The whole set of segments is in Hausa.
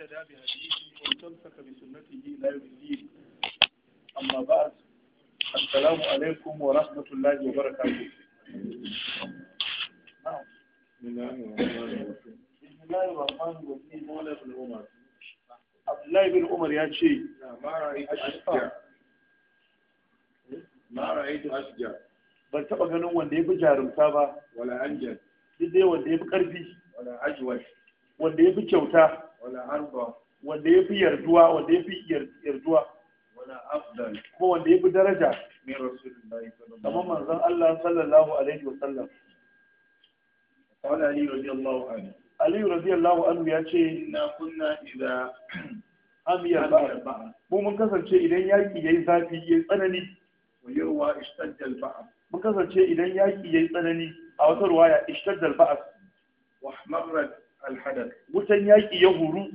اهتدى بهذه واستمسك بسنته لا يوم أما بعد السلام عليكم ورحمة الله وبركاته نعم بسم الله الرحمن الرحيم بسم الله الرحمن الرحيم مولى بن عمر عبد الله بن عمر يا شيخ ما رأيت أشجع ما رايت اشجع ban taɓa ganin wanda ya fi jarumta ba wala anjal duk dai wanda ya fi ƙarfi wala ajwal wanda ya fi kyauta wala arba wanda yarduwa wanda ya fi yarduwa wala afdal kuma wanda fi daraja min rasulullahi sallallahu manzon Allah sallallahu alaihi wasallam qala ali radiyallahu anhu ali radiyallahu anhu ya ce na kunna idza amiyar ba'a mu mun kasance idan yaki yayi zafi yayi tsanani wa ishtaddal ba'a mun kasance idan yaki yayi tsanani a wata ruwaya ishtaddal ba'a wa hamarat alhadar wutan yaƙi ya huru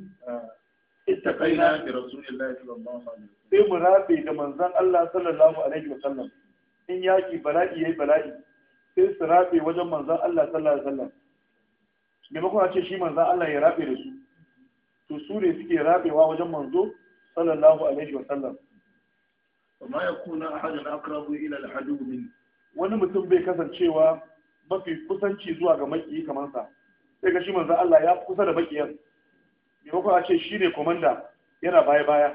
ita kaina da rasulullahi sallallahu alaihi sai mu rabe da manzon Allah sallallahu alaihi wasallam in yaƙi bala'i yayi bala'i sai su rabe wajen manzon Allah sallallahu alaihi wasallam maimakon a ce shi manzon Allah ya rabe da su to su ne suke rabewa wajen manzo sallallahu alaihi wasallam وما يكون أحد أقرب إلى العدو min. wani mutum bai kasancewa mafi kusanci zuwa ga maki kamar sa sai ga shi manzo Allah ya kusa da Me maimakon a ce shi ne komanda yana baya baya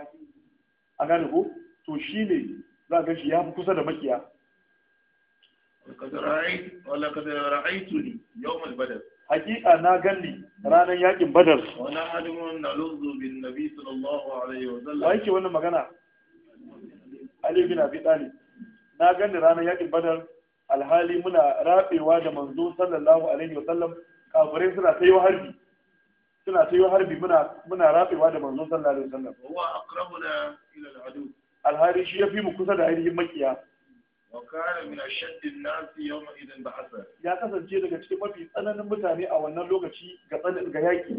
a gane ko to shi ne za ga shi ya fi kusa da makiya Hakika yawm al-badr na ganni ranar yakin badar wala naluzu bin nabi sallallahu alaihi wa sallam wai ke wannan magana ali bin abi talib na ganni ranar yakin badar alhali muna rabewa da manzo sallallahu alaihi wa sallam kafirai suna ta yi wa harbi suna ta yi wa harbi muna muna rafewa da manzon sallallahu alaihi wasallam wa aqrabuna ila al-adu al-hari shi yafi mu kusa da ainihin makiya wa kana min ashadd an-nas yawma idan ba'atha ya kasance daga cikin mafi tsananin mutane a wannan lokaci ga tsanin ga yaki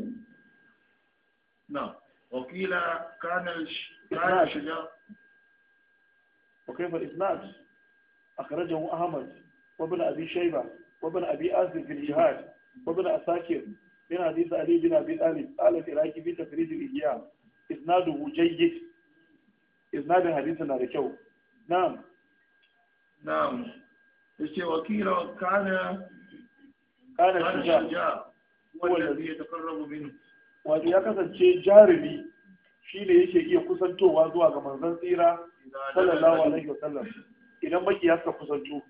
na wakila kana kana shiga وكيف الإسناد أخرجه أحمد وابن أبي شيبة وابن أبي آسف في الجهاد وابن أساكر من حديث علي بن أبي طالب قال العراقي في تخريج الإحياء إسناده جيد إسناد حديثنا لكو نعم نعم yace wakila kana kana shija wallazi yatakarrabu minhu wato ya kasance jarumi shine yake iya kusantowa zuwa ga manzon tsira sallallahu alaihi wasallam idan maki ya ka kusanto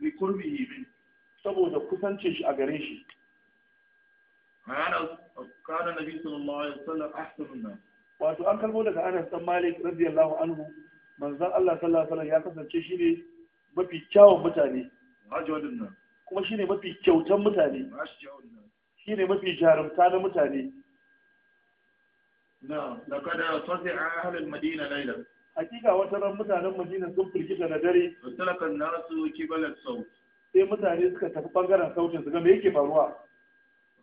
bi kurbi min saboda kusance shi a gare shi kana nabi sallallahu alaihi wasallam ahsanun wato an kalbo daga Anas dan Malik radiyallahu anhu manzon Allah sallallahu alaihi ya kasance shi ne mafi kyawun mutane kuma shi ne mafi kyautan mutane shi ne mafi jarumta na mutane na da sosai a halin madina Laila. hakika wata ran mutanen Madina sun firgita da dare. talakan nasu kibalar sau. sai mutane suka tafi bangaren sautin su ga me yake faruwa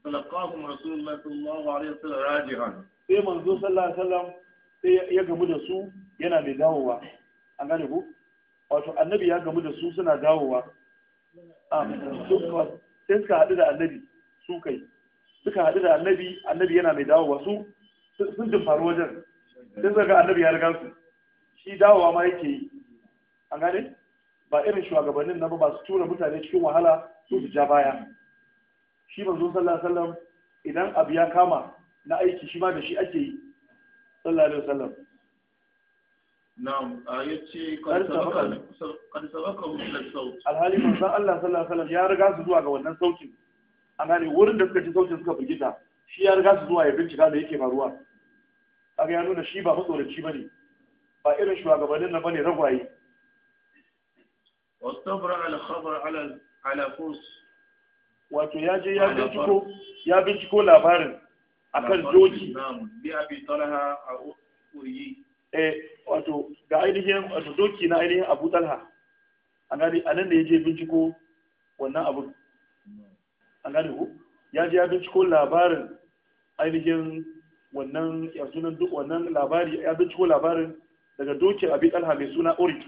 falaqahum rasulullahi sallallahu alaihi wasallam rajihan sai manzo sallallahu alaihi wasallam sai ya gamu da su yana mai dawowa an gane ku wato annabi ya gamu da su suna dawowa ah, sai suka haɗu da annabi su kai suka haɗu da annabi annabi yana mai dawowa su sun jin faru wajen sai suka ga annabi ya riga su shi dawowa ma yake yi an gane ba irin shugabannin na ba ba su tura mutane cikin wahala su su ja baya shi manzo sallallahu alaihi wasallam idan abu ya kama na aiki shi ma da shi ake yi sallallahu alaihi wasallam na'am yace kan sabaka kan sabaka min saut alhali Allah sallallahu alaihi wasallam ya riga su zuwa ga wannan sautin an gane wurin da suka ji sautin suka firgita shi ya riga su zuwa ya bincika da yake faruwa kaga ya nuna shi ba matsoraci bane ba irin shugabannin na bane ragwaye على wato ya je ya binciko ya binciko labarin akan a eh wato ga ainihin wato doki na ainihin abu talha a gani a nan da ya je binciko wannan abu a gani ku ya je ainihin wannan yanzu duk wannan labari ya binciko labarin daga dokin abi talha mai suna uri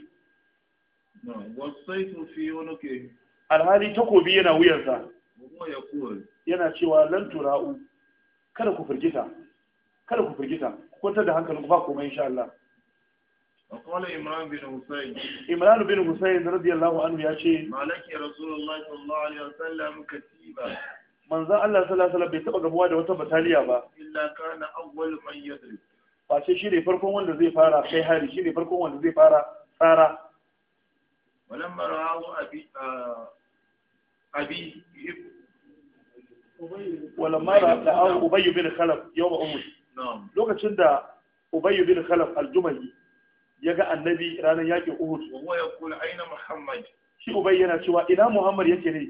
alhali takobi yana wuyarsa yana cewa lan tura'u kada ku firgita kada ku firgita kwantar da hankali ba komai insha Allah وقال إمران بن حسين إمران بن حسين رضي الله عنه يا شيخ مالك يا رسول الله صلى الله عليه وسلم كتيبة من ذا الله صلى الله عليه وسلم بيتبقى قبوا ده تاليا با إلا كان أول من ولما رآه أبي أبي ولما رآه أبي بن خلف يوم أمه نعم لوكاشن ده أبي بن خلف الجمهي يقع النبي رانا ياكي أهد وهو يقول أين محمد شيء ubai yana إلى محمد muhammad yake ne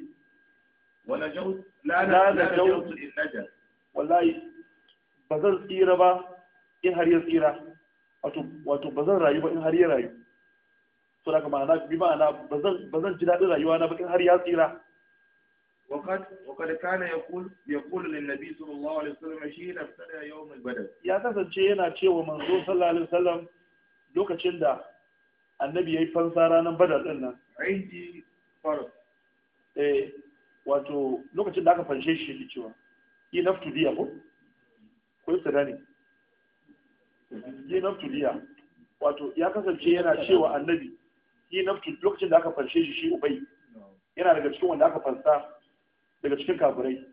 wallahi ba zan tsira ba in har ya tsira wato ba zan rayu ba in har ya rayu suna ga ma'ana bi ma'ana ba zan ji daɗin rayuwa na bakin har ya tsira ya kula يقول يقول للنبي صلى الله عليه وسلم شيء ابتدى يوم البدر Ya kasance yana cewa manzo sallallahu alaihi wasallam lokacin da annabi ya yi fansa ranar badar ɗin nan aiji eh wato lokacin da aka fanshe shi yake cewa yi naftu dia ko ko tsada ne Yi naftu dia wato ya kasance yana cewa annabi shi naftu lokacin da aka fanshe shi shi ubai yana daga cikin wanda aka fansa daga cikin kafirai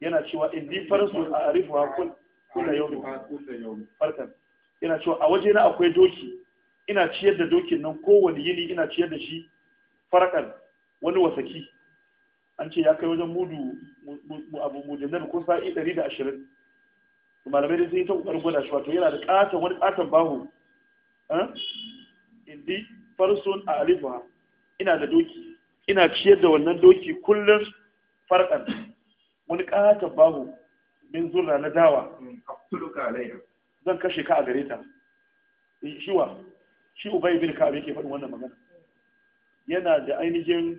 yana cewa in di farasu a arifu ha kun kuna yau farkan yana cewa a waje na akwai doki ina ciyar da dokin nan kowane yini ina ciyar da shi farkan wani wasaki an ce ya kai wajen mudu abu mudin da kun sa'i 120 malamai dai sun yi ta kokarin gwada shi wato yana da katon wani katon baho eh? indi farsun a alifa ina da doki ina ciyar da wannan doki kullum farkan wani kata bahu min zurra na dawa zan kashe ka a gare ta shiwa eh, shi ubai bin ka'ab yake faɗin wannan magana yana da ainihin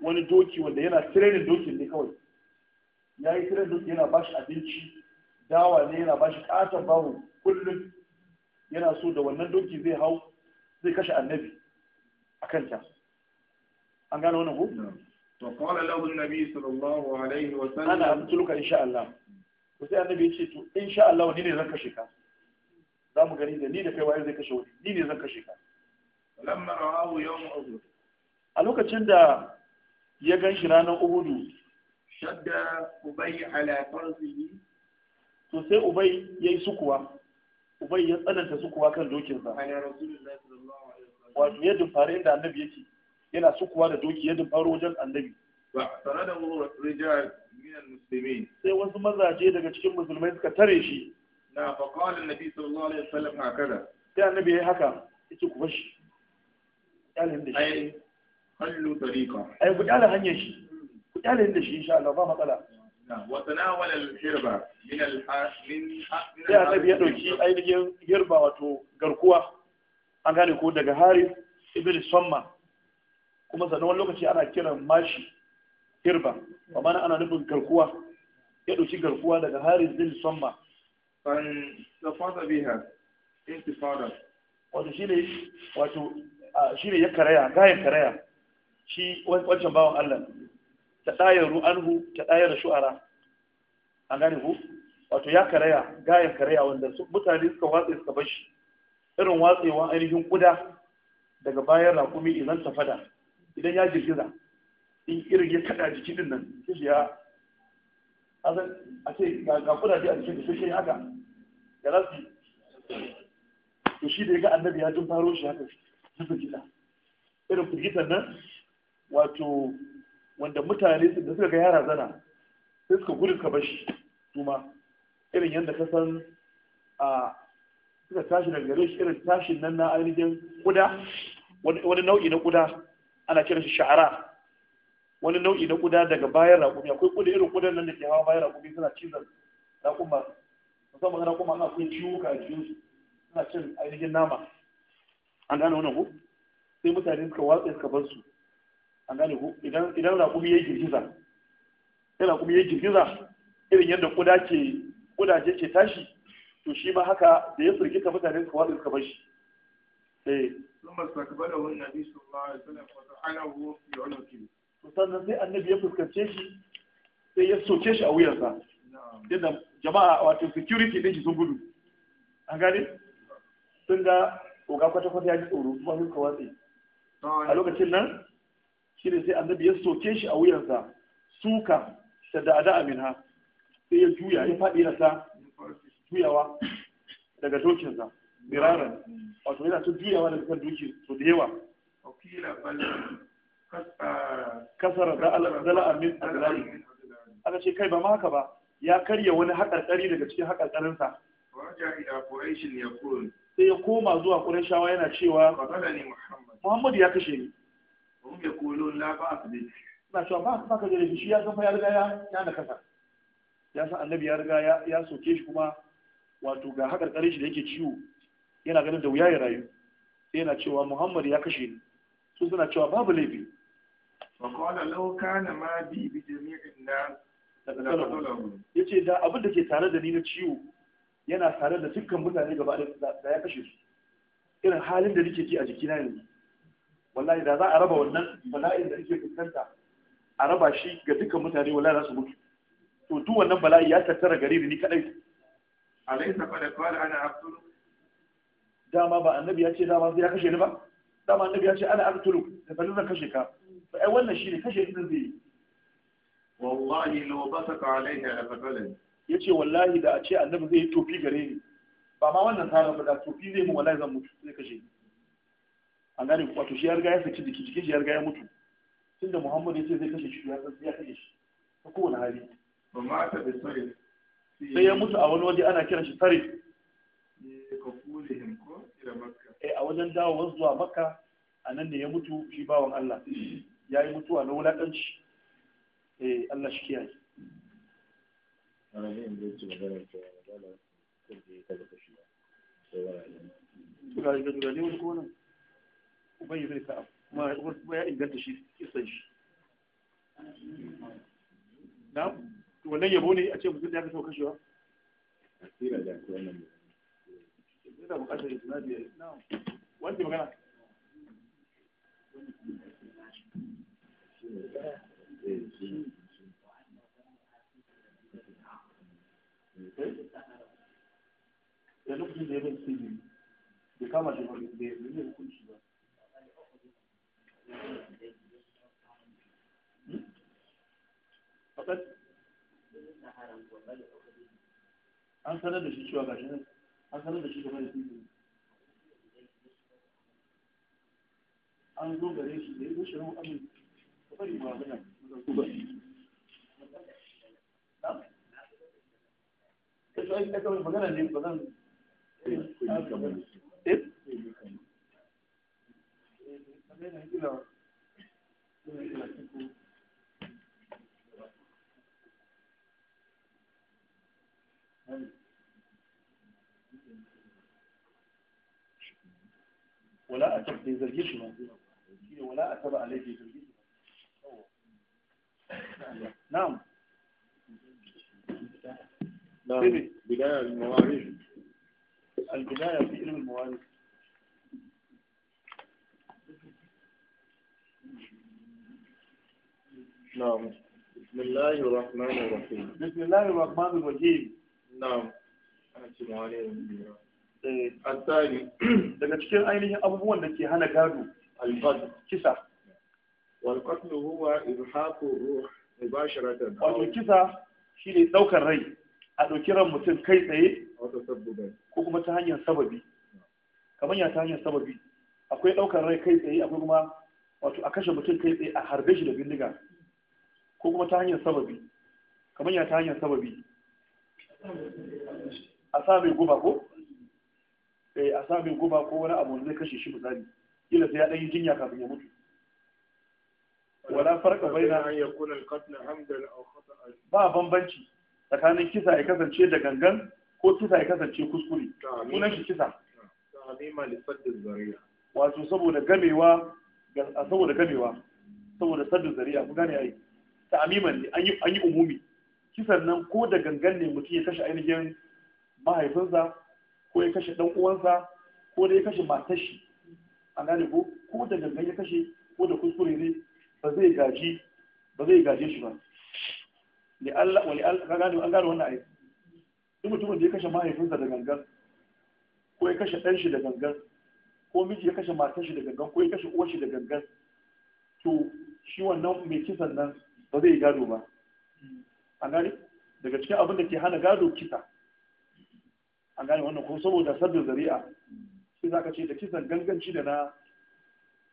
wani doki wanda yana tirenin dokin ne kawai ya yi tirenin doki yana ba shi abinci dawa ne yana ba shi ƙaton bahu kullum yana so da wannan doki zai hau zai kashe annabi a kanta an gano wani ku? to qala lahu an-nabi sallallahu alaihi wasallam sallam ana amtuluka insha Allah ku sai annabi ce to insha Allah wani ne zan kashe ka za mu gani da ni da kai waye zai kashe wani ni ne zan kashe ka lamma ra'ahu yawm uhud a lokacin da ya gan shi ranar uhudu shadda ubai ala farsihi to sai ubay yayi sukuwa ubai ya tsananta su kuwa kan dokinsa wato ya fara inda annabi yake yana sukuwa da doki ya dumfaro wajen annabi sai wasu mazaje daga cikin musulmai suka tare shi na faƙalin nabi sallallahu alaihi wasallam haka sai annabi ya yi haka Ya yake ku shi? kyalin da shi ai ku kyalin hanyar shi ku kyalin da shi insha Allah ba matsala sai annabi ya ɗauki ainihin girba wato garkuwa an gane ko daga haris ibn samma kuma sannan lokaci ana kiran mashi girba amma ana nufin garkuwa ya garkuwa daga haris ibn samma wato shine ya karaya gayan karaya shi wancan bawan Allah ta ɗayar ru'anhu ta ɗayar shu'ara A gane ku wato ya karaya gayan karaya wanda mutane suka watse suka bashi irin watsewa ainihin kuda daga bayan rakumi idan ta fada idan ya girgiza in irin ya kada jiki din nan kishi ya azan a ce ga kudaje a cikin da shi haka ga rasu to shi da ya ga annabi ya jin faro shi haka zuba gida irin firgitan nan wato wanda mutane da suka ga yara zana sai suka gudu suka bashi su ma irin yadda ka san a suka tashi daga gare shi irin tashin nan na ainihin kuda wani nau'i na kuda ana kira shi sha'ara wani nau'i na kuda daga bayan raƙumi akwai kuda irin kudan nan da ke hawa bayan raƙumi suna cizon raƙuma musamman raƙuma ana ciwo ka a su suna cin ainihin nama an gane wannan ko sai mutane suka watsa suka bar su an gane ko idan raƙumi ya yi girgiza sai kuma yi girgiza irin yadda kudaje ke tashi to shi ma haka da ya firgita mutane suka wadu suka bar shi eh. sannan sai annabi ya fuskance shi sai ya soke shi a wuyansa yadda jama'a wato security ɗin shi sun gudu an gane sun ga oga kwata-kwata ya ji tsoro kuma sun kawatsi a lokacin nan shi ne sai annabi ya soke shi a wuyansa suka shadda ada ha sai ya juya ya faɗi na sa juyawa daga dokinsa miraran wato yana ta juyawa daga kan dokin so da yawa kasar zala'a min azlali aka ce kai ba ma haka ba ya karya wani haƙarƙari daga cikin haƙarƙarinsa sai ya koma zuwa ƙurashawa yana cewa muhammadu ya kashe ni na cewa ba ba ka da shi ya san fa ya riga ya na kasa ya san annabi ya riga ya soke shi kuma wato ga haƙar kare shi da yake ciwo yana ganin da wuya ya rayu sai yana cewa Muhammad ya kashe ni su suna cewa babu laifi fa qala law kana ma bi bi jami'in nas ya ce da abin da ke tare da ni na ciwo yana tare da dukkan mutane gaba da ya kashe su irin halin da nake ji a jikina yanzu wallahi da za a raba wannan bala'in da nake fuskanta a raba shi ga dukkan mutane wala za su mutu to duk wannan bala'i ya tattara gare ni kadai alaysa qad qala ana aqtulu dama ba annabi ya ce dama zai kashe ni ba dama annabi ya ce ana aqtulu da ban zan kashe ka to ai wannan shine kashe ni zai yi wallahi law basaka alayha la Ya yace wallahi da a ce annabi zai yi tofi gare ni ba ma wannan tsara ba da tofi zai mu wallahi zan mutu zai kashe ni an gane wato shi ya riga ya saki jiki jiki shi ya riga ya mutu tunda muhammadu sai zai kashe shi ya ya kashe shi ta kowane hali sai ya mutu a wani waje ana kiran shi tare eh, eh, a wajen dawowar zuwa makka a nan ne ya mutu shi bawan allah ya yi mutuwa na wulaƙanci eh, allah shi kiyaye Tuga wani Ubayi zai kuma ya inganta shi kisan a ce ya fi so eh, eh, eh. da ya bai da kama shi da ya an sanar da shi cewa an sanar da shi game da titi an zo gare shi da ya amin ba eh, magana ne eh, ولا أتب bai zargi ولا ba shi wala نعم عليه نعم بداية المواريج البداية في علم المواريج نعم بسم الله الرحمن الرحيم بسم الله الرحمن الرحيم نعم الثاني daga cikin ainihin abubuwan da ke hana gado al-qatl kisa wal qatl huwa irhaqu ruh mubasharatan wato kisa shine daukar rai a dauki mutum kai tsaye ko kuma ta hanyar sababi kamar ya ta hanyar sababi akwai daukar rai kai tsaye akwai kuma wato a kashe mutum kai tsaye a harbe shi da bindiga ko kuma ta hanyar sababi kamar ya ta hanyar sababi a sa mai guba ko eh a sa mai guba ko wani abu zai kashe shi misali ila sai ya ɗanyi yi jinya kafin ya mutu wala farka bai na hanyar kunan qatl hamdan a khata'an ba bambanci tsakanin kisa ya kasance da gangan ko kisa ya kasance kuskure kunan shi kisa wato saboda gamewa saboda gamewa saboda sadd az-zari'a ku gane ai ta'amiman ne an yi umumi kisan nan ko da gangan ne mutum ya kashe ainihin mahaifinsa ko ya kashe dan uwansa ko da ya kashe matar shi a gane ko ko da gangan ya kashe ko da kuskure ne ba zai gaji ba zai gaje shi ba li Allah wa Allah ka gane an gane wannan ayi duk mutumin da ya kashe mahaifinsa da gangan ko ya kashe dan shi da gangan ko miji ya kashe matar shi da gangan ko ya kashe uwar shi da gangan to shi wannan mai kisan nan ba zai yi gado ba an gane daga cikin abin da ke hana gado kisa an gane wannan ko saboda sabbin zari'a sai za ka ce da kisan ganganci da na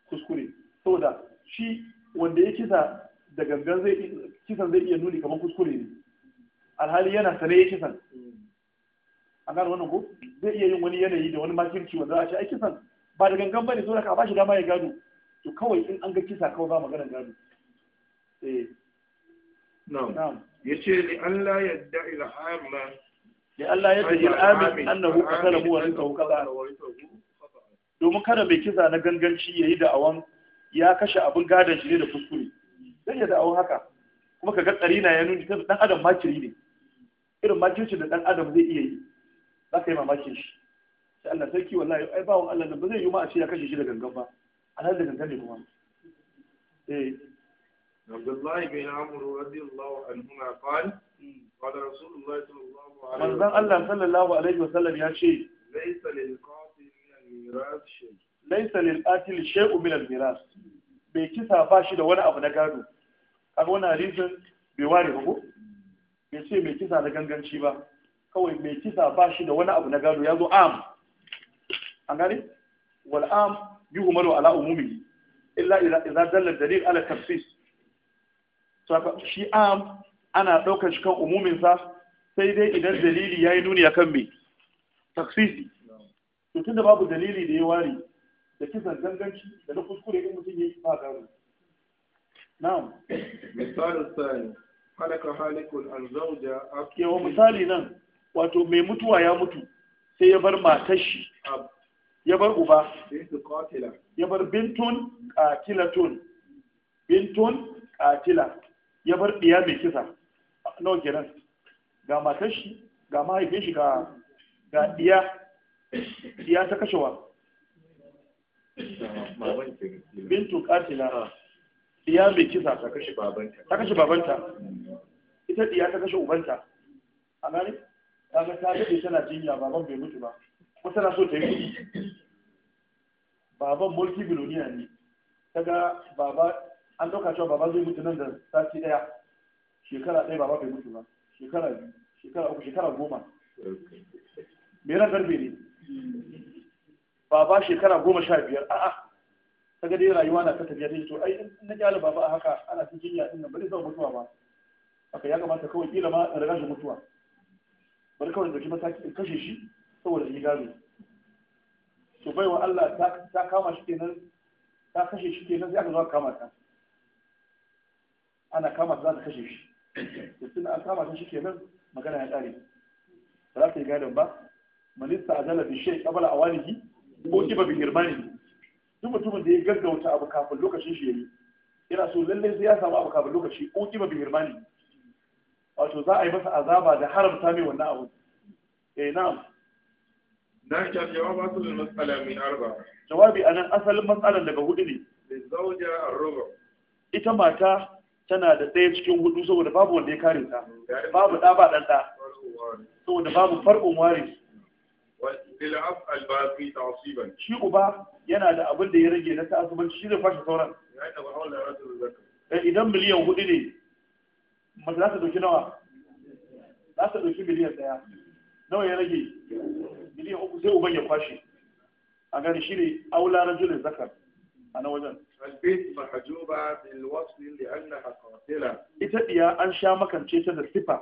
kuskure saboda shi wanda ya kisa da gangan zai kisan zai iya nuni kamar kuskure ne alhali yana sane ya kisan an gane wannan ko zai iya yin wani yanayi da wani makirci wanda za a ce ai kisan ba da gangan ba ne da ka ba shi dama ya gado to kawai in an ga kisa kawai ba maganar gado eh yace li Allah yadda ila amma li Allah yadda ila amin annahu qatala huwa rinka kaza domin kada mai kisa na ganganci yayi da awan ya kashe abin gadon shi ne da kuskure zai ya da'awun haka kuma ka ga tsari na ya nuni ta dan adam makiri ne irin makirci da dan adam zai iya yi za ka yi mamakin shi sai Allah sarki wallahi ai bawon Allah nan ba zai yi ma a ce ya kashe shi da gangan ba a nan da gangan ne kuma eh عبد الله بن عمرو رضي الله عنهما قال قال رسول الله صلى الله عليه وسلم من الله صلى الله عليه وسلم يا شيء ليس للقاتل من الميراث شيء ليس للقاتل شيء من الميراث bai kisa ba shi da wani abu na gado kaga wannan hadisin bai ware ba bai ce mai kisa da ganganci ba kawai mai kisa ba shi da wani abu na gado ya zo am an gani? wal am ala umumi illa dalil ala tafsis shi am ana ɗaukar shi kan umuminsa sai dai idan dalili ya yi nuni akan mai taksisi tun da babu dalili da ya ware da kisan ganganci da na kuskure in mutum ya yi ba gano na'am misalin sani halaka halikul an zauja yawa misali nan wato mai mutuwa ya mutu sai ya bar matar shi ya bar uba ya bar bintun katilaton bintun katila ya bar ɗiya mai kisa nawa kenan ga matan shi ga mahaifin shi ga ga ɗiya ɗiya ta kashewa bintu katila ɗiya mai kisa ta kashe babanta ita ɗiya ta kashe ubanta a gane kaga ta daɗe tana jinya baban bai mutu ba kuma tana so ta yi kuɗi baban mulki biloniya ne ga baba an ɗauka cewa baba zai mutu nan da sati ɗaya shekara ɗaya baba bai mutu ba shekara shekara uku shekara goma me ran garbe ne baba shekara goma sha biyar a'a ta ga rayuwa na ta tafiya dai to ai na kyale baba a haka ana cikin jinya din nan ba zai zama mutuwa ba haka ya kamata kawai kila ma in riga shi mutuwa bari kawai dauki mataki in kashe shi saboda yi gado to baiwa Allah ta kama shi kenan ta kashe shi kenan sai aka zo kama ta ana kama ta za ta kashe shi da suna an kama ta shi nan, magana ya ƙare ba za ta yi gadon ba malista a zalabi shai kabala a waliki ko kiba bin girmani duk mutumin da ya gaggauta abu kafin lokacin shi ya yi yana so lallai sai ya samu abu kafin lokaci ko kiba bin girmani wato za a yi masa azaba da haramta mai wannan abu eh na'am dan ka jawaba su lil matsala min arba jawabi anan asalin mas'alan daga hudu ne zawja ar ita mata tana da ɗaya cikin hudu saboda babu wanda ya kare ta babu ɗa ba ɗan ɗa saboda babu farkon ware shi uba yana da abin da ya rage na ta'asubanci shi zai fashe sauran eh, idan miliyan hudu ne mace za ta ɗauki nawa za ta ɗauki miliyan ɗaya nawa ya rage miliyan uku sai uban ya kwashe a gani shi ne aula rajulin zakar a wajen albait mahjuba bil wasl li ita diya an sha makance ta da sifa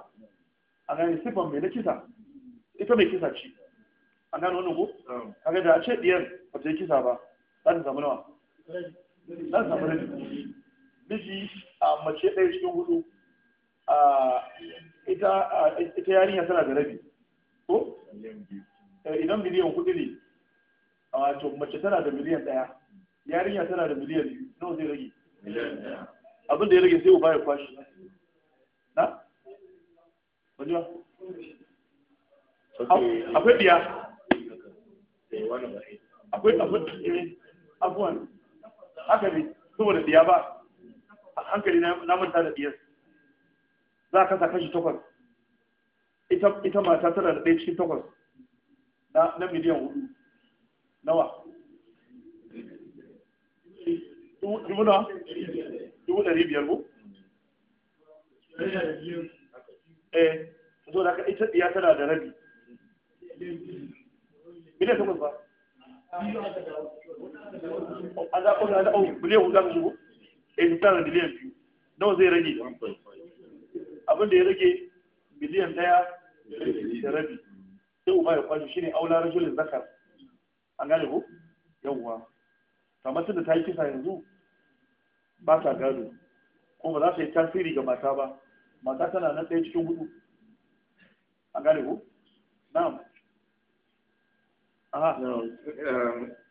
a gane sifan mai na kisa ita mai kisa ce a gane wannan ko kaga da a ce diyar ba ta yi kisa ba za ta samu nawa za ta samu rabi miji a mace ɗaya cikin hudu ita yarinya tana da rabi ko idan miliyan kuɗi ne wato mace tana da miliyan ɗaya yarinya tana da miliyan biyu nawa zai rage abin da ya rage sai uba ya kwashi na wani ba akwai biya eh, akwai akwai eh, abuwan haka ne saboda biya ba a hankali na manta da biyar za a kasa kashi takwas ita mata tana da ɗaya cikin takwas na miliyan hudu nawa dubu na dubu ɗari biyar ko? eh zo da ita ɗiya tana da rabi oh, miliyan ta ba a za a da ɗau miliyan hudu zaka shigo eh su tara miliyan biyu nawa zai rage abin da ya rage miliyan ɗaya da rabi sai uba ya kwashe shine aula rajulin zakar an gane ko yawwa kamar tunda ta yi kisa yanzu ba ta gado ko ba za ta yi tasiri ga mata ba mata tana nan ɗaya cikin hudu an gane ko na'am aha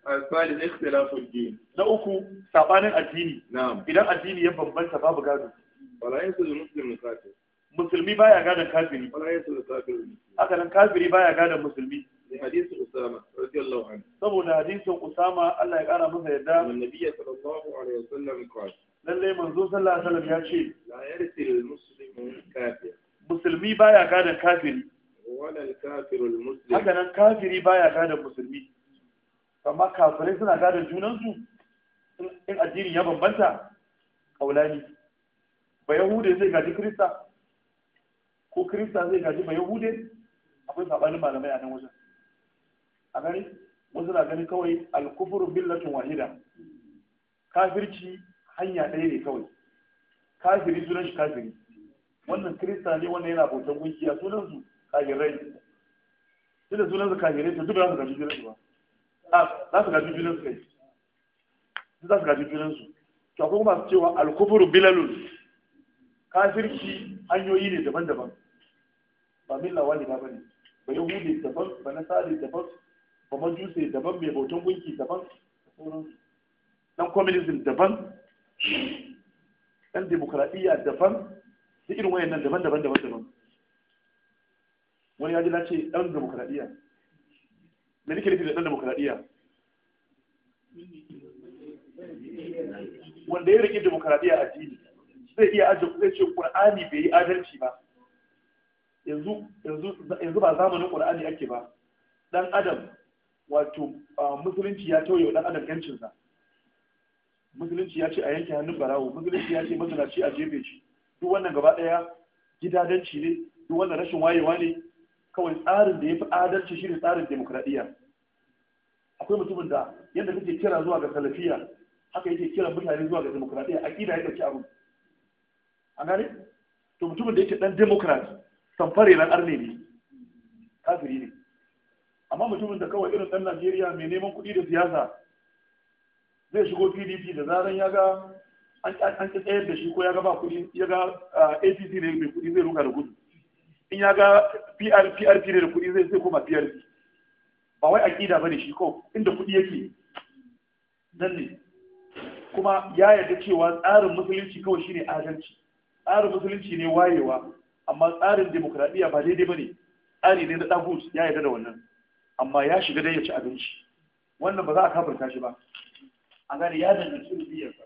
asali ehm, ikhtilafu ad-din na uku sabanin addini na'am idan addini ya bambanta babu gado wala da muslimu kafir musulmi baya gadon kafiri wala yasul kafir haka nan kafiri baya gadon musulmi hadisi Usama radiyallahu anhu saboda hadisin Usama Allah ya kara masa yadda annabi sallallahu alaihi wasallam qala lalle manzo sallallahu alaihi wasallam ya ce la yarsil kafir musulmi baya gadan kafiri wala muslim haka nan kafiri baya gadan musulmi amma kafirai suna gadan junan su in addini ya bambanta kaulani ba yahude zai ko krista zai gaji akwai sabanin malamai a nan wajen a gani wasu na gani kawai alkufuru billatin wahida kafirci hanya ɗaya ne kawai kafiri sunan shi kafiri wannan kirista ne wannan yana bautan gunkiya sunan su kafirai tunda sunan su kafirai to duk za su gaji junan su ba ah, za su gaji junan su kai za su gaji junan su to akwai kuma su cewa alkufuru bilalun kafirci hanyoyi ne daban-daban ba milla wani ba ne ba yahudi daban ba nasari daban kamar juse daban mai bautan gunki daban dan communism daban dan demokradiyya daban da irin wayan nan daban daban daban daban wani ya ji na ce dan demokradiyya me nake nufi da dan demokradiyya wanda ya rike demokradiyya a jini zai iya ajiye zai ce ƙur'ani bai yi adalci ba yanzu ba zamanin ƙur'ani ake ba dan adam wato musulunci ya tauye wa dan adam sa musulunci ya ce a yanke hannun barawo musulunci ya ce mazinaci a jefe shi duk wannan gaba ɗaya gidadanci ne duk wannan rashin wayewa ne kawai tsarin da ya fi adalci shi ne tsarin demokuraɗiyya akwai mutumin da yadda kake kira zuwa ga salafiya haka yake kira mutane zuwa ga a ƙira ya ɗauki abu A gane to mutumin da yake ɗan demokrat samfare na arne ne kafiri ne amma mutumin da kawai irin ɗan najeriya mai neman kuɗi da siyasa zai shigo pdp da zaran ya ga an ƙi tsayar da shi ko ya ga ba kuɗi ya ga apc ne mai kuɗi zai ruka da gudu in ya ga prp ne da kuɗi zai sai koma prp ba wai aƙida ba ne shi ko inda kuɗi yake nan ne kuma ya yarda cewa tsarin musulunci kawai shine adalci tsarin musulunci ne wayewa amma tsarin demokradiyya ba daidai ba ne tsari ne na ɗagus ya yarda da wannan amma ya shiga dai ya ci abinci wannan ba za a kafarta shi ba a gane ya danganci rubiyarsa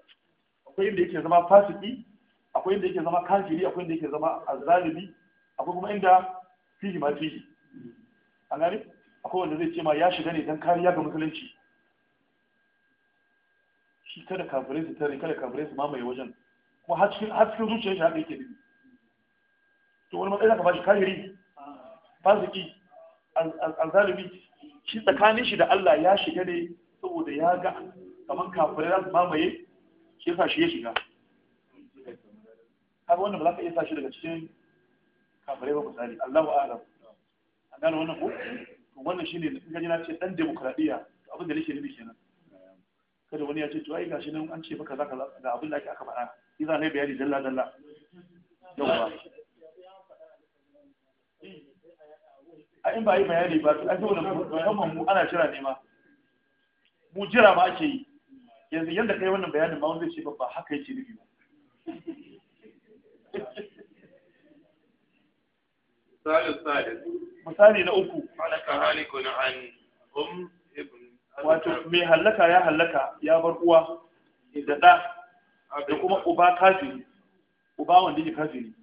akwai inda yake zama fasiki akwai inda yake zama kafiri akwai inda yake zama azzalimi akwai kuma inda fihi ma fihi a gane akwai wanda zai ce ma ya shiga ne don kariya ga musulunci shi kada kafirai su tare kada kafirai su mamaye wajen kuma har cikin har cikin zuciyar shi haka yake to wani matsayi zaka shi, kafiri fasiki azalimi shi tsakanin shi da Allah ya shiga ne saboda ya ga kamar kafirai za su mamaye shi yasa shi ya shiga kaga wannan ba za ka iya sa shi daga cikin kafirai ba misali Allahu a'lam an gane wannan ko to wannan shine da kaga na ce dan demokradiya abin da nake nufi kenan kada wani ya ce to ai gashi nan an ce maka zaka ga abin da ake aka faɗa idan ne bayani dalla dalla ba. a in ba yi bayani ba to an zo da musamman mu ana jira ne ma mu jira ma ake yi yanzu yadda kai wannan bayanin ma wanda ce ba haka yake nufi ba misali na uku wato mai hallaka ya hallaka ya bar uwa da da da kuma uba kafiri uba wanda yake kafiri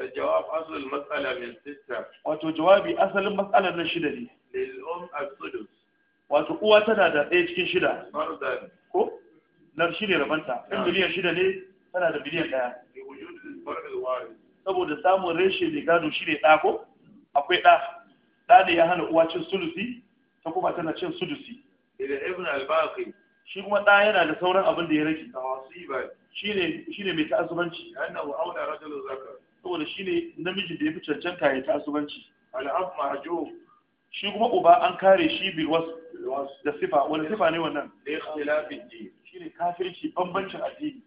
الجواب أصل المسألة من ستة واتو جوابي أصل المسألة من شدة دي للأم السدس واتو قوة تنادى إيه تكين شدة فردا كو نرشيني ربنتا إن مليون شدة ليه تنادى مليون كيا لوجود الفرع الوارد saboda samun reshe mai gado shi ne ko? akwai ɗa ɗa ne ya hana uwa cin sulusi ta kuma tana cin sulusi ila ibn shi kuma ɗa yana da sauran abin da ya rage tawasiba ba ne shi ne mai ta'assubanci annahu aula rajulun zakar saboda shi ne namiji da ya fi cancanta ya tasubanci a ma'ajo shi kuma uba an kare shi bilwas da sifa wani sifa ne wannan da shi ne kafirci bambancin addini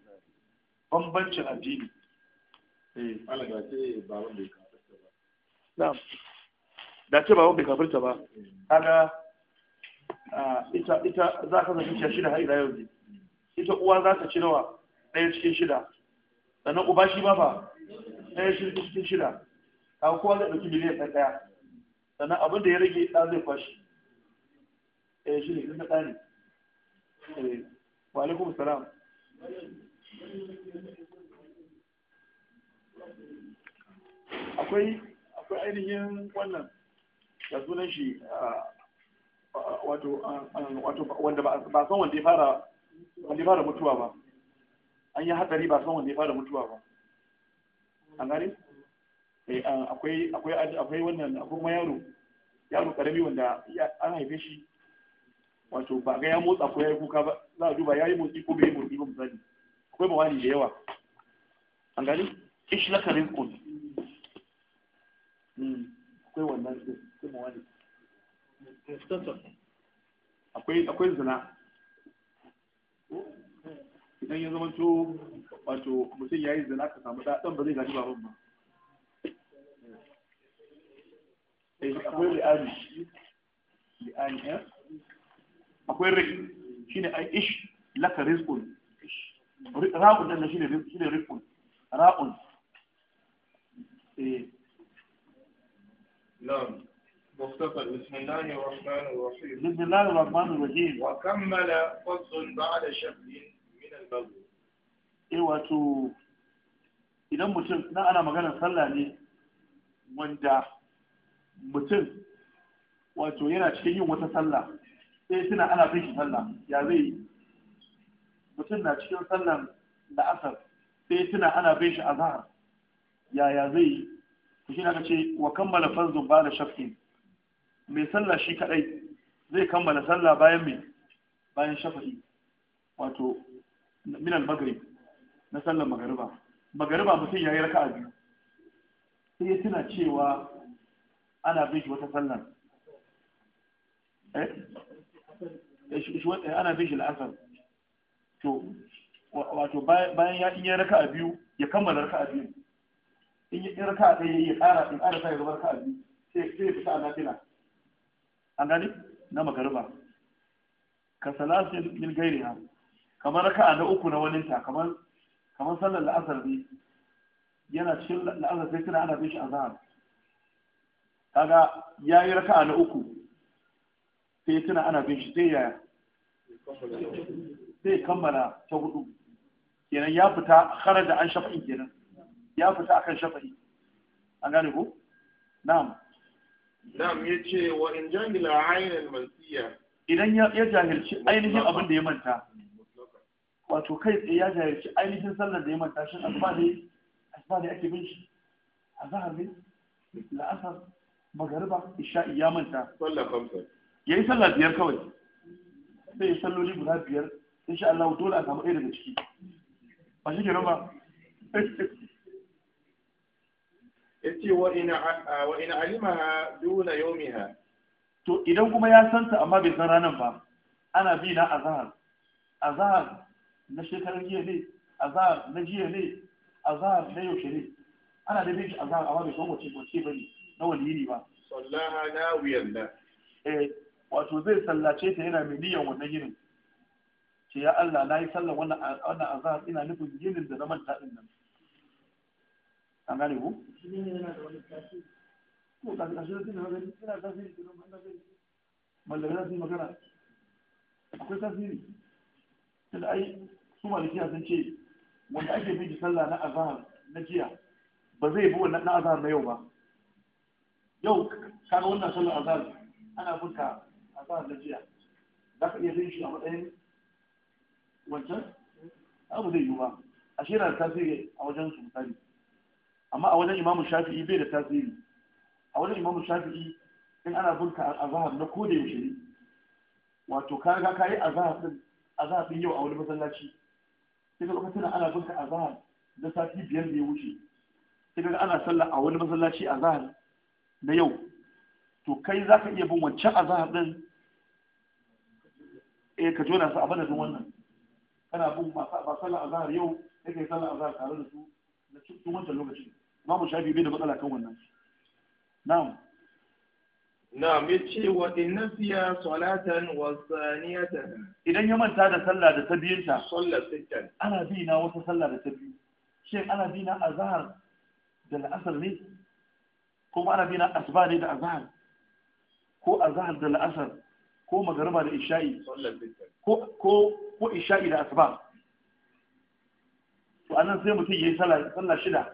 bambancin addini eh. da ce baban bai kafirta ba kaga ita ita za ka zafi shida har ila yau ita uwa za ta ci nawa ɗaya cikin shida sannan uba shi ba ba ɗaya shi cikin shida kaga kowa zai ɗauki miliyan ɗaya ɗaya sannan abin da ya rage ɗa zai kwashi ɗaya eh, shi ne ɗin ne eh, wa alaikum salam akwai akwai ainihin wannan da sunan shi wato wanda ba san wanda ya fara wanda ya fara mutuwa ba an yi hatsari ba san wanda ya fara mutuwa ba an gane eh, ah, akwai akwai akwai wannan akwai kuma yaro yaro karami wanda an haife shi wato ba ga ya motsa ko ya yi kuka ba za a duba ya yi motsi ko bai motsi ba misali akwai mawani da yawa an gani ish laka rizqun hmm, akwai wannan akwai mawani akwai akwai zina idan ya zamanto wato mutum ya yi zina ka samu ɗan ba zai gaji baban ba akwai li'ani li'ani ya akwai rik shi ne ish laka rizqun ra'un ɗan shi shi ne rizqun ra'un بسم الله الرحمن الرحيم بسم الله الرحمن الرحيم وكمل فصل بعد شكل eh wato idan mutum na ana maganar sallah ne wanda mutum wato yana cikin yin wata sallah sai eh, suna ana bin shi sallah ya zai yi mutum na cikin sallan la'asar sai suna ana bin shi azhar ya ya zai yi to shi ce wa kammala farzun ba da shafin mai sallah shi kadai zai kammala sallah bayan mai bayan shafa'i wato من al نسال na sallar magariba magariba mutum ya yi raka'a biyu sai ya tuna cewa ana bin wata sallar ana la'asar wato bayan ya raka a biyu ya kammala a biyu in ya ƙara in ƙara sa ya zama a biyu sai ya fita a nafila an gani na magariba ka salasin min gairiya kamar raka'a na uku na waninta kamar kamar sallar la'asar ne yana cikin la'asar sai tana ana bin shi azhar kaga yayi raka'a na uku sai tana ana bin shi sai ya sai kammala ta hudu kenan ya fita da an shafa'in kenan ya fita akan shafa'i an gane ko na'am na'am ce wa in jahila ainihin mansiya idan ya jahilci ainihin abin da ya manta wato kai tsaye ya jayarci ainihin sallar da ya manta shi asuba ne asuba ne ake bin shi zahar ne la'asar magariba isha'i ya manta sallar ya yi sallar biyar kawai sai ya salloli guda biyar sha Allah dole a samu ɗaya daga ciki ba shi kenan ba Ya wa ina wa ina alimaha duna yawmiha to idan kuma ya santa amma bai san ranar ba ana bi na Azahar. azhar na shekarar jiya ne azhar na jiya ne azhar na yaushe ne ana da bin shi azhar amma bai san wace wace bane na waliri ba sallaha nawiyan da eh wato zai sallace ta yana mai niyyar wannan yinin ce ya Allah na yi sallar wannan azhar ina nufin yinin da na manta din nan an gane ku ko da da magana tasiri da za su yi magana akwai tasiri tunda ai su malikiya sun ce wanda ake bin sallah na azhar na jiya ba zai bi wannan na azhar na yau ba yau kaga wannan sallar azhar ana bin ka azhar na jiya za ka iya bin shi a matsayin wancan abu zai yi ba a shi yana da tasiri a wajen su misali amma a wajen imamu shafi'i bai da tasiri a wajen imamu shafi'i in ana bin ka azhar na kodayaushe yaushe ne wato ka ga yi azhar din azhar din yau a wani masallaci sai ga lokacin ana bin ka azhar da sati biyar ne wuce sai ga ana sallah a wani masallaci azhar na yau to kai za ka iya bin wancan azhar din eh ka jona su a madadin wannan kana bin ba sallah azhar yau sai kai sallah azhar tare da su na cikin wancan lokacin imamu shafi bai da matsala kan wannan na'am Na'am yace wa in nasiya salatan wa saniyatan idan ya manta da sallah da ta biyun ta sallar sittan ana bi na wata sallah da ta biyu shin ana bi na azhar da la'asar ne kuma ana bi na asuba ne da azhar ko azhar da la'asar ko magariba da isha'i ko ko ko isha'i da asuba to anan sai mutum yayi sallah sallah shida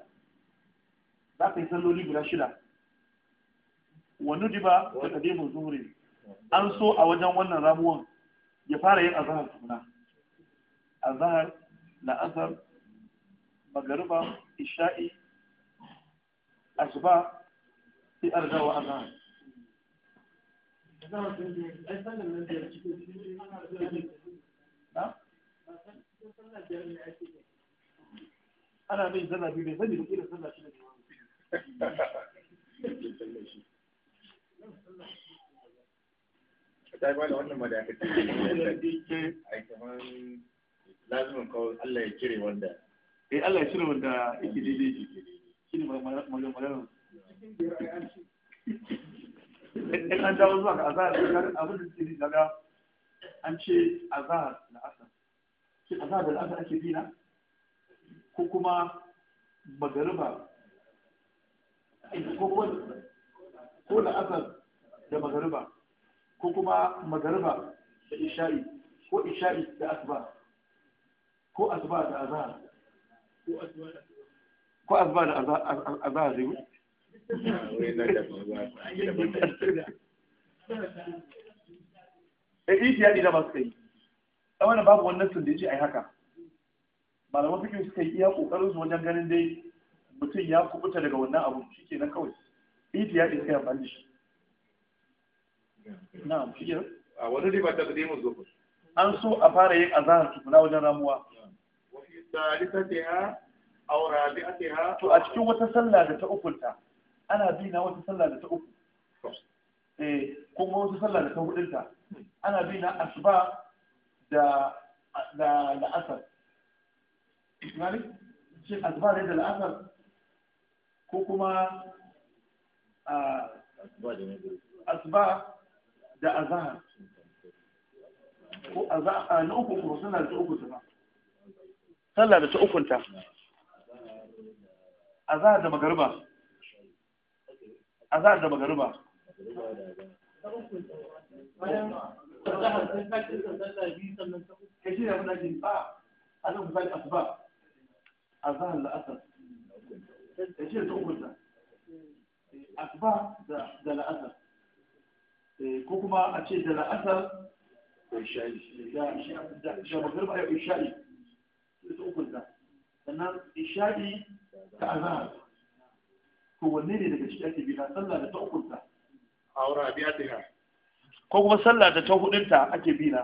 za ka yi salloli guda shida wa nudiba da kadimu zuhri an so a wajen wannan ramuwan ya fara yin azhar tukuna na azar magariba isha'i asuba sai arga wa azahar ana bin sallah biyu bai sani da kira sallah shi da ta ba da wannan da ai kamar lazumin kawai Allah ya cire wanda eh Allah ya cire wanda yake daidai shi shine magana magana in an dawo zuwa ga azahar abin da suke daga an ce azahar da asar shi azahar da asar ake bina ko kuma magariba ko kuma ko Asar da magariba ko kuma magariba da isha'i ko isha'i da asuba ko asuba da azahar ko asuba da azahar zai e yadda ba masu eh, kai a babu wannan sun da a ai haka Malamai fikin suka yi iya kokarin su wajen ganin dai mutum ya kubuta daga wannan abu na kawai itiya ɗin kai amfani shi na'am shi ne a wani riba ta kudi mu zuwa an so a fara yin azahar tukuna wajen ramuwa wafi salisatiha aw rabi'atiha to a cikin wata sallah da ta ukunta ana bi na wata sallah da ta uku eh kuma wata sallah da ta hudunta hmm. ana bi na asuba da da da asar Ismail, shin asuba da la'asar ko kuma asba da azahar ko a na uku kuma suna da uku ta sallah da ta ukunta azahar da magariba azahar da magariba kashi da muna jin da asuba azahar da asar kashi da ta ukunta asuba da la'asar eh, ko kuma a ce da la'asar da magarba ya isha'i ita ukunta sannan isha'i ta azahar ko wanne ne daga cikin ake bina sallah da ta ukunta a wura biya ta yi ko kuma sallah da ta hudunta ake bina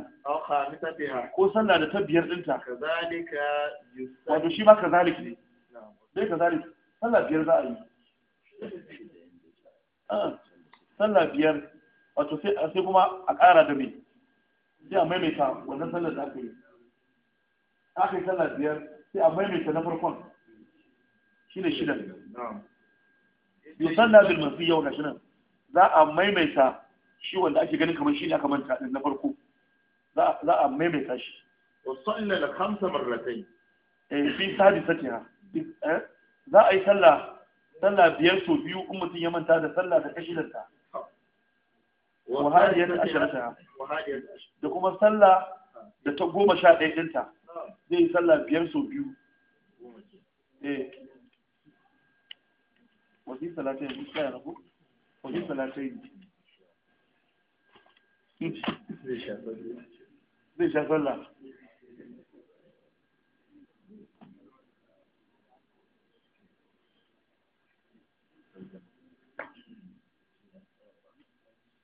ko sallah da ta biyar dinta wato shi ma kazalik ne dai kazalik sallah biyar za a yi sallah biyar wato sai kuma a ƙara da mai sai a maimaita wannan sallar da aka yi aka yi sallah biyar sai a maimaita na farkon shine shida yusalla bil mafi yau shi nan za a maimaita shi wanda ake ganin kamar shi ne aka manta din na farko za a maimaita shi wasalla la khamsa marratayn eh fi sadi satiha eh, za a yi sallah sallah biyar so biyu in mutum ya manta da sallah da ta wahadiyar ashirta da kuma sallah da ta goma sha ɗaya ɗinta zai yi sallah biyar so biyu eh. wasu yanzu rabu wasu zai sha sallah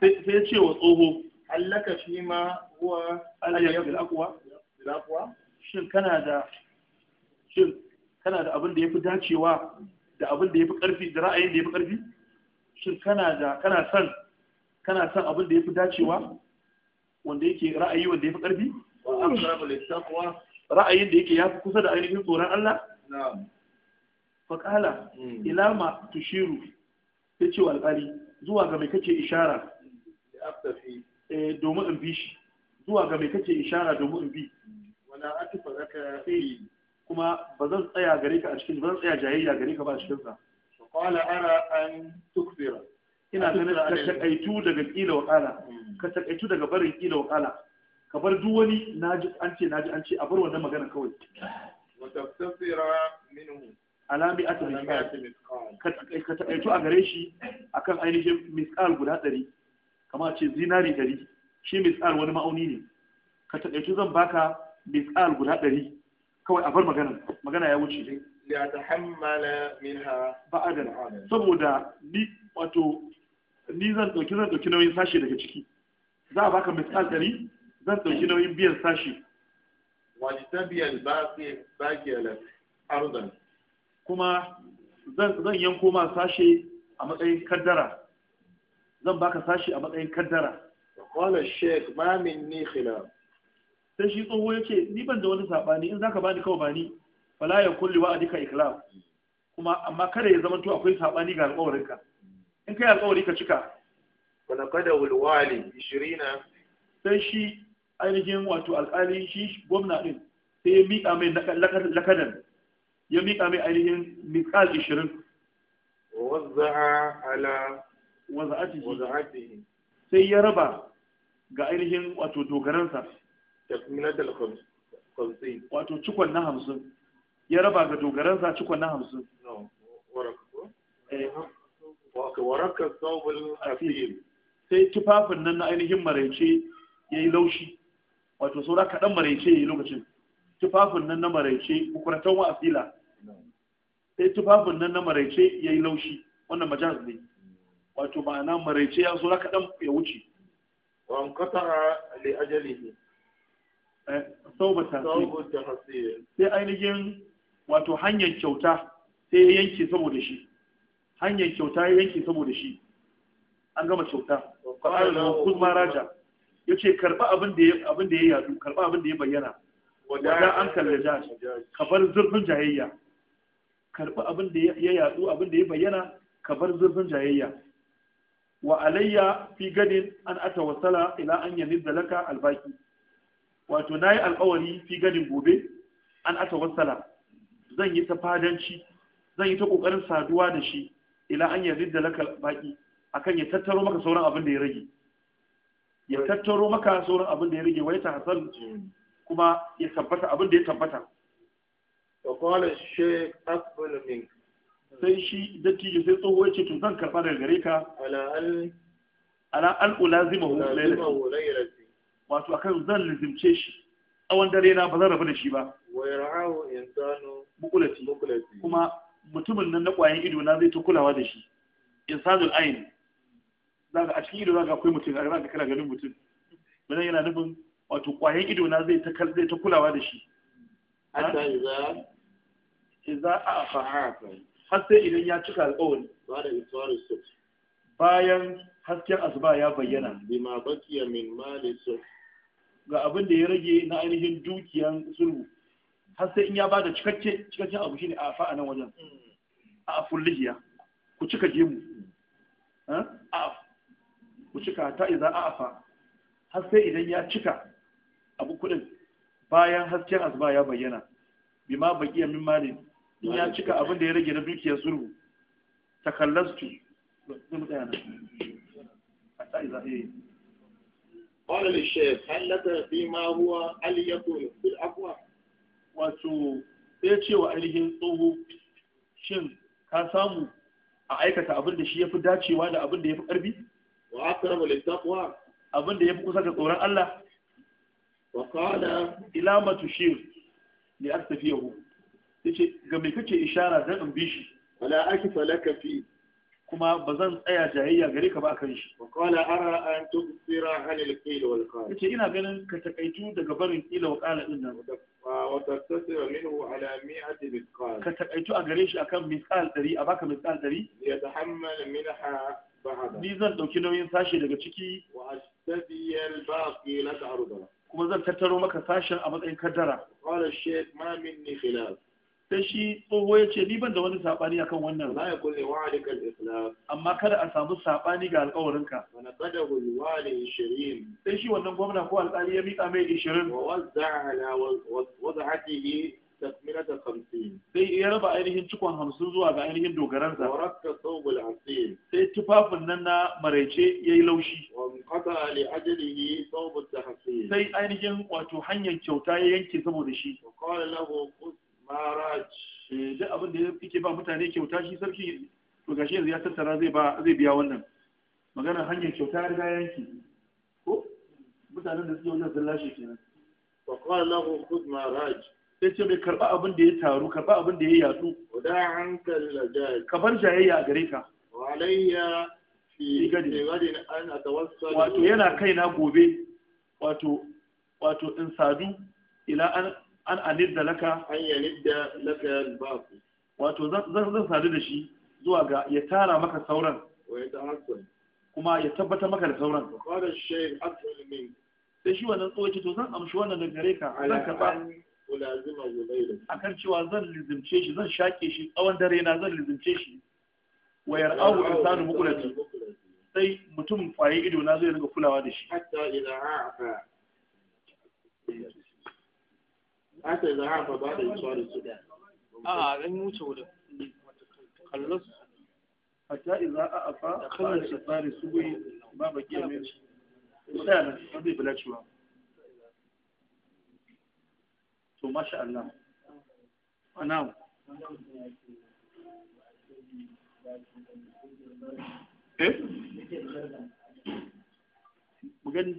sai ya ce wa tsoho allaka shi ma huwa alayyabul aqwa aqwa shin kana da shin kana da abin da yafi dacewa da abin da yafi karfi da ra'ayin da yafi karfi shin kana da kana son kana son abin da yafi dacewa wanda yake ra'ayi wanda ya fi ƙarfi? ra'ayin da yake ya fi kusa da ainihin tsoron Allah Faƙala, faqala hmm. ila ma tushiru yace wa alƙali. zuwa ga mai kake ishara Eh, domin in bi shi zuwa ga mai kake ishara domin in bi wala atifa zaka fi kuma ba zan tsaya gare ka a cikin ba zan tsaya jayayya gare ka ba a cikin sa qala ara an tukfira ina ganin ka takaitu daga kila wa kala hmm. ka takaitu daga barin kila wa kala ka bar duk wani naji an ce naji an ce a bar wannan magana kawai wa tafsira minhu alami atmi ka takaitu a gare shi akan ainihin misqal guda 100 kama ce zinari ɗari shi misal wani ma'auni ne ka taƙaitu zan baka misal guda ɗari kawai a bar magana magana ya wuce ya ta hammala minha ba'adan saboda ni wato ni zan ɗauki zan ɗauki nauyin sashi daga ciki za a baka misal ɗari zan ɗauki nauyin biyan sashi ba ke baqiyal arzan. kuma zan yanko ma sashe a matsayin kaddara zan baka sashi a matsayin kaddara wala sheikh ma min ni khila sai shi tsoho yace ni ban da wani sabani in zaka bani kawai bani wala ya kulli wa adika ikhlas kuma amma kada ya zamanto akwai sabani ga alƙawarinka in kai alƙawari ka cika wala qada wal wali 20 sai shi ainihin wato alƙali shi gwamna din sai ya miƙa mai lakadan ya miƙa mai ainihin miƙal 20 wazza'a ala waza'atihi sai ya raba ga ainihin wato dogaransa takminatul khamsin wato cikon na hamsin ya raba ga dogaransa cikon na hamsin waraka eh. saubul asir sai tufafin nan na ainihin maraice ya yi laushi wato saura kaɗan maraice ya yi lokacin tufafin nan na maraice kukuratan wa asila sai tufafin nan na maraice ya yi laushi wannan majaz ne wato ma'ana maraice ya zo na kaɗan ya wuce wan qata'a li eh, sai ainihin wato hanyar kyauta sai ya yanke saboda shi hanyar kyauta ya yanke saboda shi an gama kyauta ƙwarar da kuzma raja ya ce karɓa abin da ya yadu karɓa abin da ya bayyana wadda an kalle da ka bar zurfin jayayya karɓa abin da ya yadu abin da ya bayyana ka bar zurfin jayayya wa alayya fi gadin an ata wasala ila an yanzala laka albaki wato nayi alƙawari fi gadin gobe an ata wasala. zan yi ta fadanci zan yi ta kokarin saduwa da shi ila an yanzala laka albaki akan ya tattaro maka sauran abin da ya rage ya tattaro maka sauran abin da ya rage wai ta hasal kuma ya tabbata abin da ya tabbata wa qala shaykh aqbal minka sai shi dattijo sai tsohuwa ce to zan karɓa daga gare ka ala an ulazima hu lailati wato akan zan lizimce shi tsawon dare na ba zan rabu da shi ba wa yar'ahu insanu bukulati kuma mutumin nan na ƙwayan ido na zai ta kulawa da shi insanul ayn zaka a cikin ido zaka akwai mutum a zaka kana ganin mutum wannan yana nufin wato ƙwayan ido na zai ta zai ta kulawa da shi hatta idza idza afa har sai idan ya cika alƙawari bayan hasken asuba ya bayyana bima bakiya min mali ga abin da ya rage na ainihin dukiyan sulhu har sai in ya bada cikakke cikakken abu shine a fa'a nan wajen a fulliya ku cika mu? a ku cika ta idan a afa har sai idan ya cika abu kudin bayan hasken asuba ya bayyana bima bakiya min mali ya cika abin da ya rage na dukiyar sulhu ta iza iya قال للشيخ هل لك فيما هو هل يكون wato sai ce wa ainihin tsoho shin ka samu a aikata abin da shi ya fi dacewa da abin da ya fi ƙarfi? wa akramu littafuwa abin da ya fi kusa ga tsoron Allah wa qala ila ne tushir tafiya hu yace ga me kake ishara dan an bi shi wala akifa laka fi kuma ba zan tsaya jayayya gare ka ba kan shi wa qala ara an tubsira an al-qil wal qal yace ina ganin ka takaitu daga barin qila wa qala din nan wa tastasira minhu ala mi'ati mithqal ka takaitu a gare shi akan mithqal 100 a baka mithqal 100 ya tahammala minha ba'da ni zan dauki nauyin sashi daga ciki wa astadiyal baqi la ta'rudu kuma zan tattaro maka sashen a matsayin kaddara qala shaykh ma minni khilaf sai shi tsoho ya ce ni ban da wani sabani akan wannan la yakul wa'alika al-islam amma kada a samu sabani ga alƙawarinka wa naqadahu al-wali 20 sai shi wannan gwamna ko alƙali ya mika mai 20 wa wazza'a ala waz'atihi takmilata 50 sai ya raba ainihin cikon 50 zuwa ga ainihin dogaransa wa rakka thawbul asil sai tufafin nan na maraice yayi laushi wa qata li ajlihi thawbut tahsil sai ainihin wato hanyar kyauta ya yanke saboda shi wa qala lahu maraj eh, duk abin da yake ba mutane kyauta shi sarki to gashi yanzu ya tattara zai ba zai biya wannan maganar hanyar kyauta ya yanki ko mutanen da suke wajen kenan wa qala lahu khudh maraj sai ce mai karba abin da ya taru karba abin da ya yatsu da hankal ka bar jayayya a gare ka wa alayya fi gadin an atawassal wato yana kaina gobe wato wato in sadu ila an an alidda laka an yalidda laka babu wato zan sadu da shi zuwa ga ya tara maka sauran kuma ya tabbata maka da sauran sai shi wannan tsohon ce to zan amshi wannan daga gare ka zan karba a kan cewa zan lizimce shi zan shaƙe shi tsawon dare na zan lizimce shi wayar ahu insanu mukulati sai mutum kwaye ido na zai riga kulawa da shi حتى إذا عرف بعد إيصال السودان آه لن يوصل ولا تخلص حتى إذا أعفى دخل السفار السبوي ما بقي منه سهلا قضي بلا شوى تو ما شاء الله أنا إيه؟ مجنن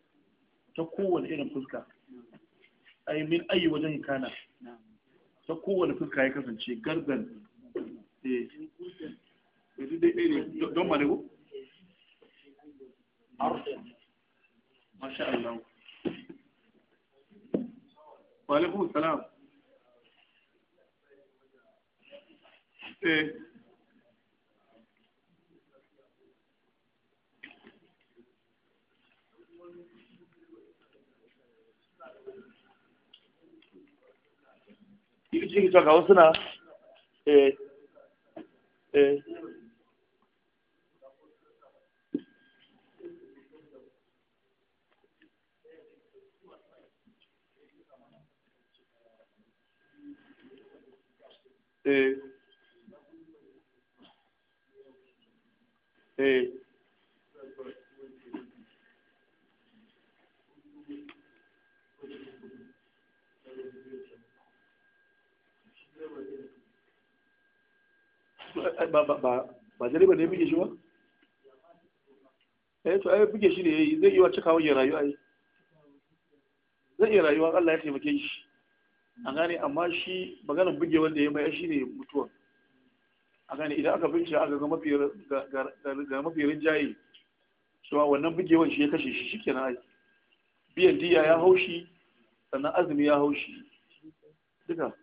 ta kowane irin fuska ai min ayi wajen kana ta kowane fuska ya kasance gargan eh. don ma Masha Allah. Wa salam. Eh. yi cikin cewa kawo eh eh eh eh Eh, ba direba ne buge shi ba eh to ai buge shi ne ya yi. zai yi wa cikawa ya rayu ai zai iya rayuwa Allah ya taimake shi a gane amma shi maganar buge wanda ya mai shi ne mutuwa a gane idan aka bincika aka ga mafi rinjaye cewa wannan bugewan shi ya kashe shi shikenan ai biyan diya ya haushi sannan azumi ya haushi duka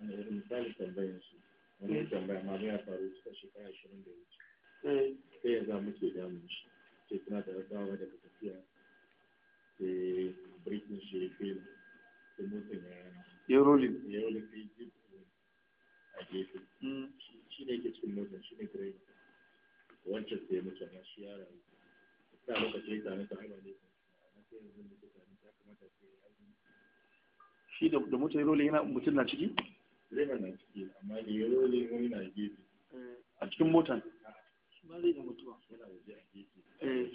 misali tambayar su wani ya tambaya ma ya faru suka shekara ashirin da wuce mm. sai yanzu muke damun shi sai suna da rasawa daga tafiya sai birkin shi ya fi sai mutum ya yi rolin ya rolin sai ji a gefe mm. shi ne ke cikin motar shi ne direba wancan sai mutum ya shi ya rayu ta lokaci ya tare ta haifa ne sai yanzu mutum ta kamata sai ya yi shi da mutum ya yi yana mutum na ciki Eh. A cikin motan. Ba zai da mutuwa. a eh.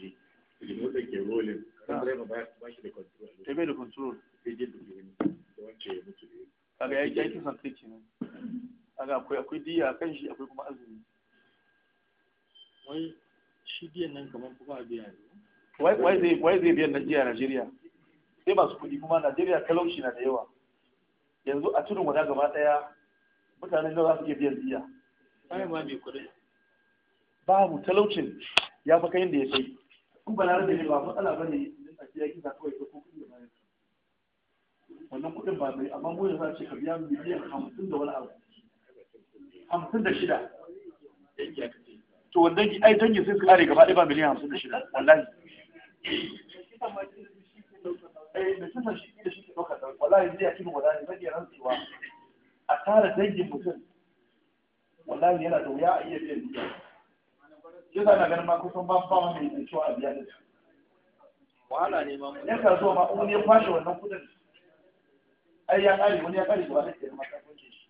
kuma Wai kuma zai biyan Najeriya Najeriya? Sai masu kuɗi kuma Najeriya talauci na da yawa. yanzu a cikin wada gaba daya mutane da za su iya biyan biya ba mu talaucin ya fa kai da ya kai kun ba larabe ne ba matsala ba ne a cikin za kawai ko kuɗin da bayan wannan kuɗin ba mai amma mu da za ce ka biya miliyan hamsin da wani abu hamsin da shida to wannan ai dangin sai su kare gaba ɗaya ba miliyan hamsin da shida wallahi eh da tutar shi da shi ke ɗaukar ɗauki wallahi zai yakin wadani zai iya rantsewa a tara dangin mutum wallahi yana da wuya a iya biyan biya shi yasa na ganin ma kusan ba ba ma mai cewa a biya da wahala ne ma ya ka zo ma wani ya kwashe wannan kudin ai ya kare wani ya kare ba da ke ma ta kunce shi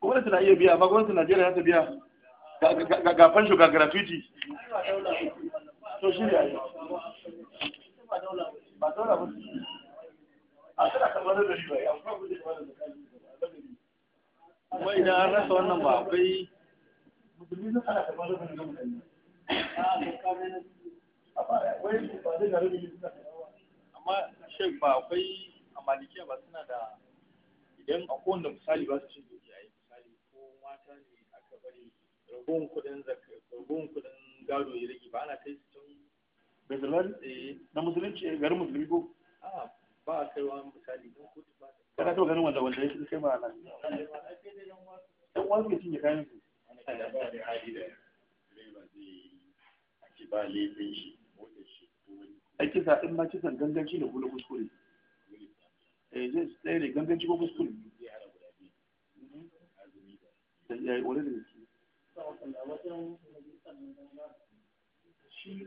gwamnati na iya biya amma gwamnatin Najeriya za ta biya ga fansho ga gratuity to shi ne ana ba a tana da ya kuma idan an rasa wannan ba akwai mutane amma shek ba akwai a malikiya ba suna da idan a kowanne misali ba su ce doki ya yi misali ko mata ne aka bari ragon kudin gado ya rage ba ana kai Baitul eh. na musulunci eh, garin musulmi ko ba a kaiwa misali don ba ganin wanda wanda ya kai cinye kayan su a kisa in ma kisan ganganci eh, da kuskure tsaye ne ganganci ko kuskure ya yi wani da shi